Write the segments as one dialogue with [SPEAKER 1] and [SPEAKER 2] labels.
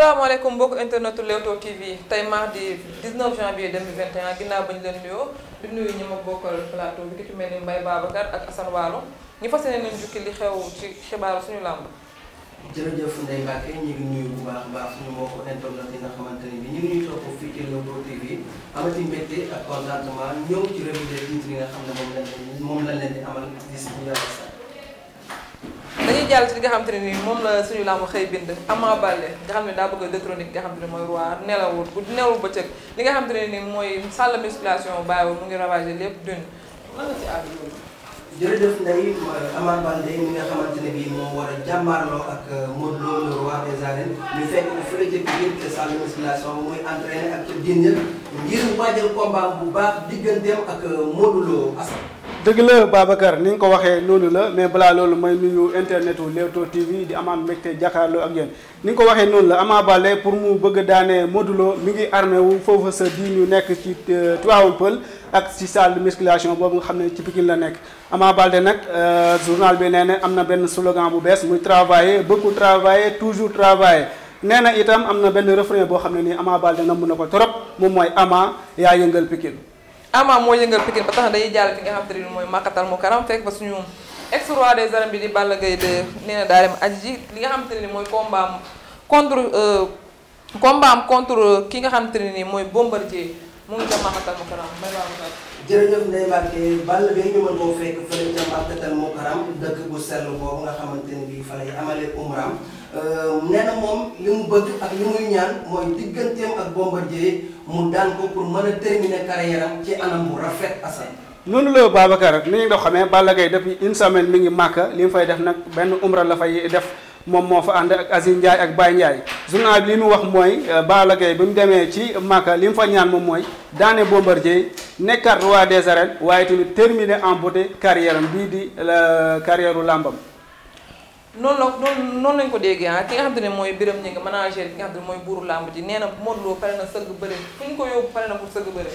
[SPEAKER 1] asalaamaaleykum mbokk internetu Leewtoo TV tey mardi 19 janvier 2021 ginnaaw ba ñu leen nuyoo di nuyu ñi ma bokkal plateau bi ki ci mel ni Mbaye Babacar ak Assane Waalo ñu fas yéene nañu jukki xew ci xibaaru suñu làmb. jërëjëf Ndeye Mbacke ñu
[SPEAKER 2] ngi nuyu bu baax a baax suñu mbokku internet yi nga xamante ni bi ñu ngi ñuy topp fii ci Leewtoo TV amati mbégte ak contentement ñëw ci revue des titres yi nga xam ne moom lañ leen di amal gis bu yàlla sax.
[SPEAKER 1] dañuy jàll ci li nga xam te ne nii moom la suñu làmb xëy bind Ama Baldé nga xam ne daa bëgg a détronique nga xam ne li nga xam ne nii mooy salle de musculation bàyyiwul mu ngi ravagé lépp dund lan nga
[SPEAKER 2] xamante ne bii moo war a jàmbaarloo ak euh, Modou Lo le des arènes ñu fekk fële ca de musculation bi muy entraîné ak ca Dine ngir waajal combat bu baax digganteem ak euh, Modou Lo
[SPEAKER 3] dëgg la Babacar ni nga ko waxee noonu la mais balaa loolu may nuyu internet wu Leewtoo TV di amaat mbégte jàkkaarloo ak yéen ni nga ko waxee noonu la Ama Baldé pour mu bëgg a daanee Modou Lo mi ngi armé wu foofu sa bii ñu nekk ci euh, Tivaouane Peulh ak ci salle de musculation boobu nga xam ne ci Pikine la nekk Ama Baldé nag euh, journal bi nee na am na benn slogan bu bees muy travailler beaucoup travailler toujours travailler nee itam am na benn refrain boo xam ne nii Ama Baldé namm na ko trop moom mooy Ama yaa yëngal Pikine
[SPEAKER 1] Ama mooy yëngal Pikine ba tax na dañuy jàll fi nga xam te mooy màkkatal mu karam fekk ba suñu ex roi des arènes bi di Balla Gaye de nee na aji li nga xam te ne mooy combat am contre euh, combat am contre ki nga xam te ne nii mooy Bombardier mu ngi jëm Makkatal Mukarram may
[SPEAKER 2] jërëjëf Ndeye bi ñu mën koo fekk fële ca Makkatal dëkk bu sell boobu nga xamante ni fa lay amale umraam euh, nee moom li mu bëgg ak li muy ñaan mooy digganteem ak Bombardier mu daan ko pour mën a terminer carrière am ci anam bu rafet Assane.
[SPEAKER 3] noonu la Babacar ni ñu ko xamee Balla Gaye depuis une semaine mi ngi màkk li mu fay def nag benn umra la fay def. moom moo fa ànd ak Aziz Ndiaye ak Baye Ndiaye journal bi li mu wax mooy euh, Balla Gaye bi mu demee ci Maka li mu fa ñaan moom mooy daane Bombardier nekkaat roi des arènes waaye tamit terminé en beauté carrière bii di carrière u
[SPEAKER 1] làmbam noon la noonu noonu lañ ko déggee ah ki nga xam te ne mooy biram ñi nga manager ki nga xam te ne mooy buuru làmb ji nee na Modou Lo pare na sëgg bëre fu ñu ko yóbbu pare na pour sëgg bëre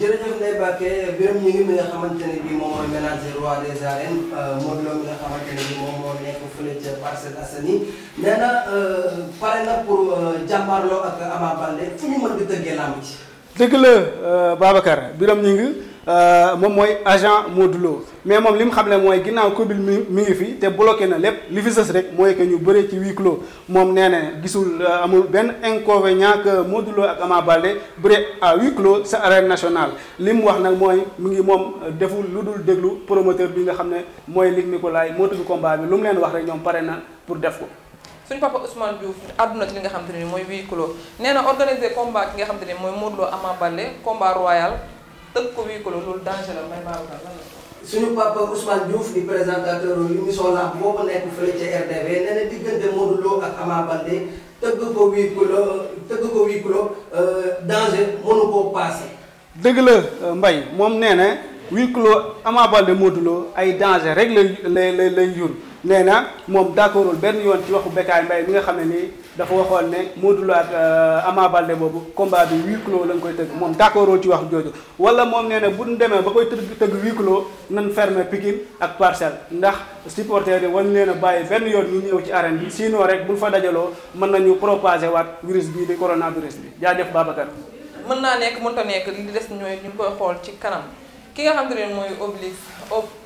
[SPEAKER 2] jërëjëf Ndeye Bakke Birame ñu ngi mi nga xamante ne bi moom mooy ménager roi des arènes euh, Modou Lo mi nga xamante ne bii moom moo nekk fële ca Parcelles Assainies nee na euh, pare na pour euh, jàmbaarloo ak Ama Baldé fu ñu mën di tëggee làmb ci.
[SPEAKER 3] dëgg la Babacar biram ñu ngi. Euh, moom mooy agent Modou Lo mais moom li mu xam ne mooy ginnaaw Covid mi mi ngi fi te bloqué na lépp li fi sës rek mooy que ñu bëre ci huis clos moom nee na gisul euh, amul benn inconvénient que Modou Lo ak Ama Baldé bëree à huis clos sa arène nationale li mu wax nag mooy mu ngi moom deful lu dul déglu promoteur bi nga xam ne mooy Luc Nicolaï moo tëgg combat bi lu mu leen wax rek ñoom pare na pour def ko.
[SPEAKER 1] suñu papa Ousmane Diouf àdduna li nga xam te ne mooy huis clos nee na organiser combat ki nga xam ne mooy Modou Lo Ama Baldé tënk ko wii ko loolu danger la may baalu la lan papa Ousmane Diouf di présentateur
[SPEAKER 2] l'émission Lamb moo ko nekk fële ca RDV nee na diggante Modou Lo ak Ama tëgg ko huis tëgg ko huis danger mënu koo passé. dëgg
[SPEAKER 3] la moom nee na huis clos Ama ay danger rek la lay lay jur. nee na moom d'accordul benn yoon ci waxu Bécaye Mbaye bi nga xam ne nii dafa waxoon ne Modou Lo ak euh, Ama Baldé boobu combat bi huis clos lañ koy tëgg moom d'accordul ci wax jooju wala moom nee na bu ñu demee ba koy tëgg tëgg huis clos nan fermer Pikine ak Parcelles ndax supporters yi wañ leen bàyyi benn yoon ñu ñëw ci arène bi sinon rek buñ fa dajaloo mën nañu propager waat virus bii di coronavirus bi jaajëf Babacar.
[SPEAKER 1] mën naa nekk mënta nekk li des ñooy ñu ngi koy xool ci kanam. ki nga xam te ne mooy obli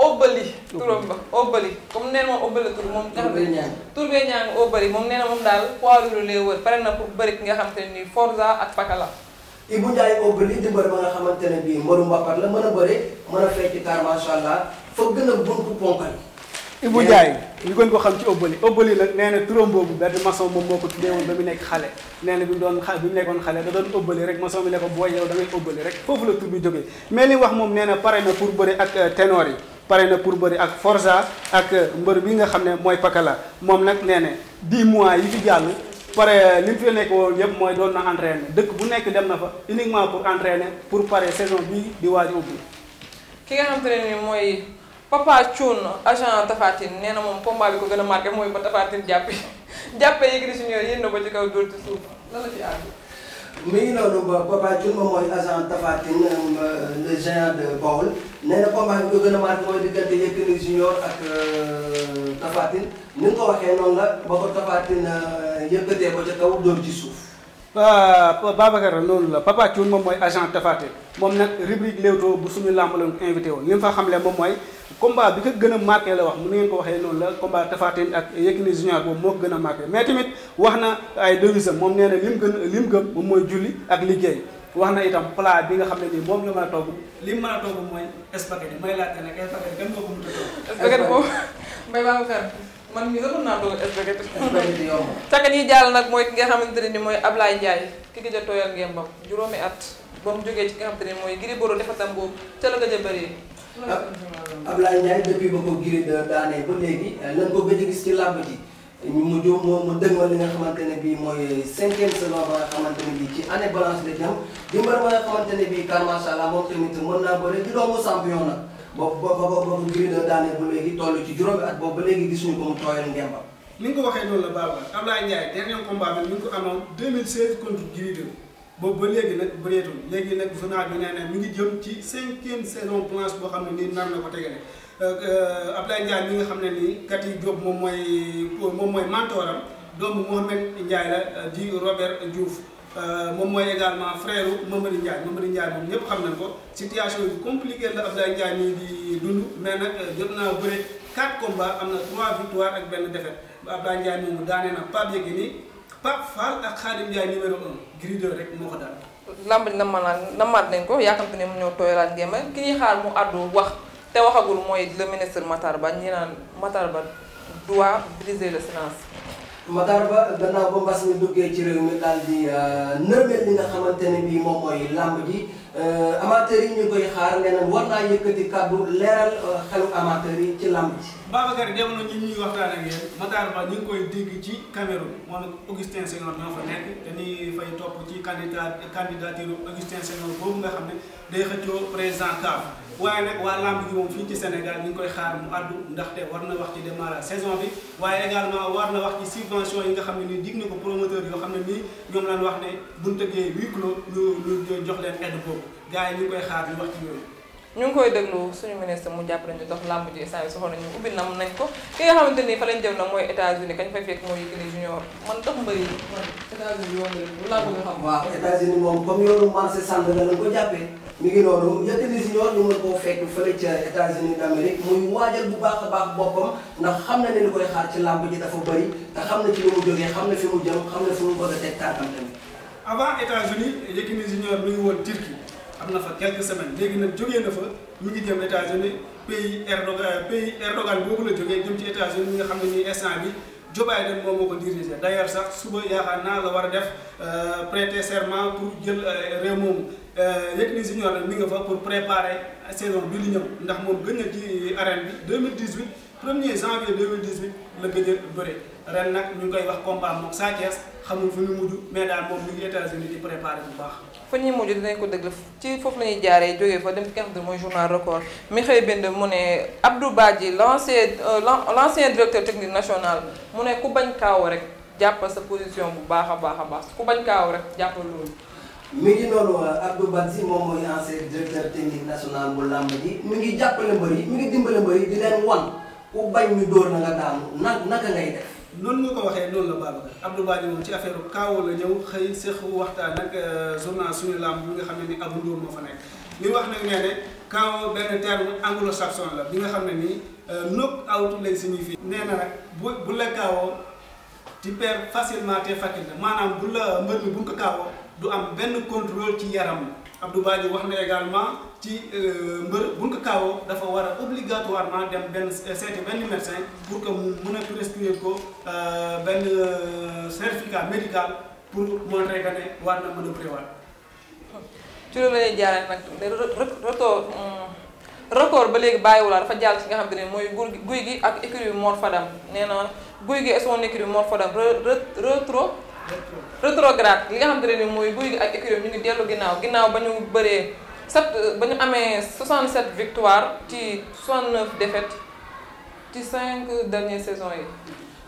[SPEAKER 1] obbali turam ba obbali comme nee na moom obbali tur moom nga xam
[SPEAKER 2] ne
[SPEAKER 1] bee ñaan obbali moom nee na moom daal poids lourd lay wër pare na pour bari ki nga xam te ne nii Forza ak Pakala Ibou Ndiaye obbali di mbër ba nga xamante
[SPEAKER 2] ne bii mbaru mbappat la mën a bëri mën a fecc kaar macha allah foo gën a buntu ponkal Ibou Ndiaye ñu gën ko xam ci Obali Obali nag nee na turam benn maçon moom moo ko tuddee woon ba mu
[SPEAKER 3] nekk xale nee bi mu doon xa bi mu nekkoon xale da doon rek foofu la tur bi jógee mais li wax moom nee pare na pour bëri ak euh, ténor yi pare na pour bëri ak Forza ak euh, mbër bi nga xam ne mooy Pakala moom nag nee na mois yi fi jàll pare euh, li mu fi nekk woon yëpp mooy doon na entraîner dëkk bu nekk dem na fa uniquement pour entraîner pour pare saison bii di waaj ubbi.
[SPEAKER 1] ki nga xam te Papa Thioune agent Tapha Tine nee na moom combat bi ko gën a marqué mooy ba Tapha Tine jàppee jàppee Yékini Junior yéen na ba ci kaw dóor ci ba
[SPEAKER 2] moom mooy agent Tapha Tine euh, le géant de Baol na combat gën a marqué mooy diggante Yékini Junior euh, ko waxee noonu la ba ko Tapha Tine euh, yëkkatee ci suuf.
[SPEAKER 3] waaw Babacar noonu la Papa Thioune moom
[SPEAKER 2] mooy agent Tapha Tine
[SPEAKER 3] moom nag rubrique Leewtoo bu suñu lamb la invité woon li mu xam le moom mooy. combat bi ko gën a marqué la wax mu ni ngeen ko waxee noonu la combat Tapha Tine ak Yékini Junior boobu gën a marqué tamit wax na ay devisam moom nee na lim gën moom mooy julli ak liggéey wax na itam plat bi nga xam ne nii moom la
[SPEAKER 1] mën li mu mën a togg mooy spaghetti may laajte nag spaghetti kan nga ko a yi jàll nag mooy ki nga xamante ne a tooyal ngeen bam juróomi at ba mu jógee ci ki nga xamante ne mooy Gris Bordeaux defatam boobu ca la gëj a bëree
[SPEAKER 2] Ablaye Ndiaye depuis ba ko Gris daanee ba léegi euh, lan ko gëj a gis ji mu mujj mu mu dëgmal nga xamante ne bii mooy cinquième saison ba nga xamante ne bii ci année balance la jëm di mbër ba nga xamante ne bii car macha allah moom tamit mën naa boole di doomu na boobu boobu boobu Gris daanee ba léegi toll ci juróomi at boobu ba léegi gisuñu ko mu tooyal ngembam. ni nga ko waxee noonu la Baba Ablaye Ndiaye dernier combat bi mi ngi
[SPEAKER 3] ko amoon 2016 contre Gris boobu ba léegi nag bëreetul léegi nag journal bi nee na mi ngi jëm ci cinquième saison blanche boo xam ne nii nar na ko tegale euh, euh, Abdoulaye Ndiaye mi nga xam ne nii Katy Diop moom mooy moom mooy mentoram doomu Mohamed Ndiaye la euh, di Robert Diouf moom mooy également frère Mamadou Ndiaye Mamadou Ndiaye moom ñëpp xam nañ ko situation bi compliquée la Abdoulaye Ndiaye ñii di dund mais nag jot naa bëre 4 combats am na 3 victoires ak benn défaite Abdoulaye Ndiaye moomu daanee na gi Yékini Pape Fall ak Khadim Ndiaye numéro un Gris rek moo ko daal.
[SPEAKER 1] lamb na maanaam namaat nañ ko yaakamte ne mu ñëw tooyalaat ngeen ma ki ñuy xaar mu àddu wax te waxagul mooy le ministre Matar Ba ñi naan Matar Ba doit briser le silence.
[SPEAKER 2] Matar Ba gannaaw ba mbas mi duggee ci réew mi daal di euh, nërmeel li nga xamante ne bii mooy lamb ji. Euh, amateur yi ñu koy xaar nee nañ war naa yëkkati kàddu leeral euh, xelu amateur yi ci làmb ji.
[SPEAKER 3] Babacar jamono ji ñuy waxtaan ak yéen Matar Ba ñu ngi koy dégg ci Cameroun moom ak Augustin Senghor ñoo fa nekk dañuy fay topp ci candidat candidature Augustin Senghor boobu nga xam ne day xëccoo président waaye nag waa lamb bi moom fii ci Sénégal ñu ngi koy xaar mu àddu ndaxte war na wax ci démarrage saison bi waaye également war na wax ci subvention yi nga xam ne nii dig na ko promoteur yoo xam ne nii ñoom laan wax ne buñ tëggee huis clos ñu ñu jox leen aide boobu gars yi ñu ngi koy
[SPEAKER 1] xaar ñu wax ci yooyu ñu ngi koy déglu suñu ministre mu jàpp nañu dox làmb ji instant bi soxla nañu ubbil na mun nañ ko ki nga xamante nii fa lañ jëm nag mooy États-Unis kañ fay fekk mooy Yékini Junior man dox mbëri yi man États-Unis yoon la làmb nga xam waaw
[SPEAKER 2] États-Unis moom koo fekk fële ca États-Unis d'Amérique muy waajal bu baax a baax boppam ndax xam na ne li koy xaar ci làmb ji dafa bëri te xam na ci lu mu jógee xam na fi mu jëm xam na fi mu bëgg a teg tànkam tamit avant États-Unis Yékini Junior mi ngi woon Turquie am na fa quelques
[SPEAKER 3] semaines léegi nag jógee na fa mi ngi jëm États-Unis pays Erdogan euh, pays Erdogan boobu la jógee jëm ci États-Unis mi nga xam ne nii instant bi Joe Biden moom moo ko dirigé d' ailleurs sax suba yaakaar naa la war a def euh, prêter serment pour jël euh, réew moomu. Euh, Yékini Junior nag mi nga fa pour préparer saison bi li ñëw ndax moom gën na ci arène bi 2018 premier janvier 2018 la gëj a bëre ren nag ñu ngi koy wax combat moom Sa Thiès xamul fu ñu
[SPEAKER 1] mujj mais daal moom mi ngi États-Unis di préparer bu baax. fa ñuy mujj dinañ ko déglu ci foofu la ñuy jaaree jógee fa dem ki nga xam ne mooy journal record mi xëy bind mu ne Abdou Badji l'ancien euh, l'ancien directeur technique national mu ne ku bañ kaaw rek jàppal sa position bu baax a baax a baax ku bañ kaaw rek jàppal loolu.
[SPEAKER 2] mi ngi noonu euh, Abdou Badji moom mooy ancien directeur technique national bu làmb ji mi ngi jàppale mbër yi mi ngi dimbale mbër yi di leen wan ku bañ ñu dóor na nga daanu na naka ngay def. noonu nga ko waxee noonu la Babacar Abdou Badji moom ci affaire
[SPEAKER 3] kaaw la ñëw xëy séq waxtaan ak euh, journal suñu làmb bi nga xam ne ni Abdou Ndour moo fa nekk. li wax nag nee ne kaaw benn terme anglo-saxon la bi nga xam ne nii knock euh, out lay signifie. nee na nag bu bu la kaawoo tu perds facilement du am benn contrôle ci yaram Abdou Badji wax na également ci euh, mbër buñ ko kaawoo dafa war a obligatoirement dem benn euh, seeti benn médecin pour que mu mën euh, benn certificat médical
[SPEAKER 1] pour war na mën a prévoir. ci loolu lay jaaree nag retour hmm, record ba léegi bàyyiwulaa dafa jàll ci nga xam te ne mooy gur guy gi ak écurie Mor Fadam nee na guy gi et son écurie Mor Fadam retro. rétrograde li nga xamante ne mooy guy gi ak écurie ñu ngi dellu ginnaaw ginnaaw ba ñu bëree sept ba ñu amee 67 victoire ci 69 défaites ci 5 dernières saisons yi.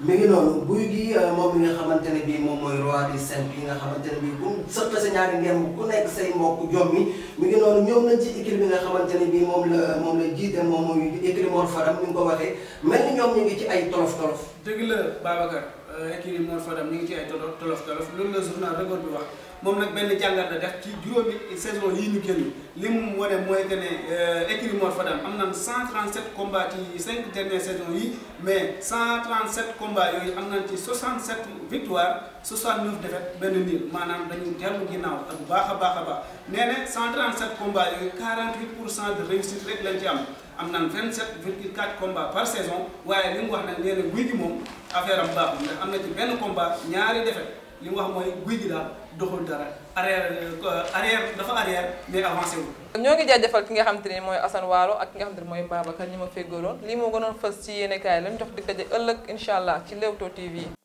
[SPEAKER 2] mi ngi noonu guy gi euh, moom mi nga xamante ne bii moom mooy roi du simple yi nga xamante ne bii bu sëpp sa ñaari ngeen ku nekk say mbokk jom mu ngi noonu ñoom nañ ci écurie bi nga xamante ne bii moom la moom la jiite moom mooy écurie Mor Fadam ni nga ko waxee mel ni ñoom ñu ngi ci ay tolof tolof.
[SPEAKER 3] dëgg la Babacar. Euh, écurie Mor Fadam ñu ngi ci ay tolof tolof tolof loolu la journal record bi wax moom nag benn jàngat la def ci juróomi saison yii ñu génn li mu wane mooy que ne euh, écurie Mor Fadam am nañ 137 combats ci 5 dernières saisons yi mais 137 combats yooyu am nañ ci 67 victoires 69 défaites benn nul maanaam dañu dellu ginnaaw bu baax a baax a baax nee na 137 combats yooyu 48 pour cent de réussite rek lañ am. am nan 27 virgule 4 combats par saison waaye li mu wax nag nee guy gi moom affaire am baaxul ndax am na ci benn combat ñaari défaite li mu wax mooy guy gi daal doxul dara arrière euh, arrière dafa arrière mais avancé wul.
[SPEAKER 1] ñoo ngi jaajëfal ki nga xam te ne mooy Assane Waalo ak ki nga xam te ne mooy Babacar ñi ma féggaloon lii moo gënoon fës ci yéenekaay lañ jox dig daje ëllëg incha allah ci Leewtoo TV.